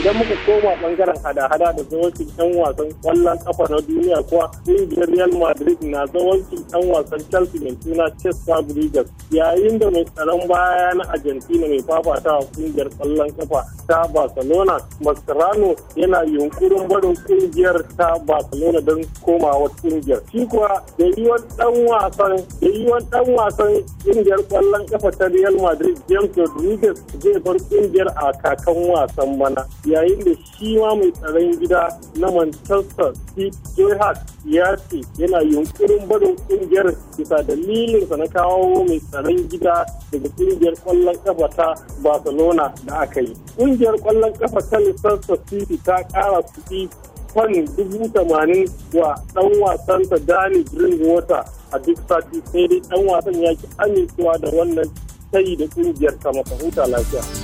idan muka koma bangaren hada-hada da zawancin 'yan wasan kwallon kafa na duniya kuwa ƙungiyar real madrid na zawancin dan wasan Chelsea mai suna Ches Fabregas yayin da mai tsaron baya na Argentina mai fafatawa kungiyar tsallon kafa ta Barcelona Mascherano yana yunkurin barin kungiyar ta Barcelona don komawa kungiyar shi kuwa da yiwuwar dan wasan da yiwuwar dan wasan kungiyar tsallon kafa ta Real Madrid James Rodriguez zai bar kungiyar a kakan wasan bana yayin da shi ma mai tsaron gida na Manchester City Gerrard ya ce yana yunkurin barin kungiyar bisa dalilin sa na kawo mai tsaron gida daga kungiyar kwallon kafa ta Barcelona da aka yi. Kungiyar kwallon kafa ta Leicester City ta kara kuɗi kwan dubu tamanin wa ɗan wasan ta green Drinkwater a duk sati sai dai ɗan wasan ya ki amincewa da wannan sai da kungiyar ta masa huta lafiya.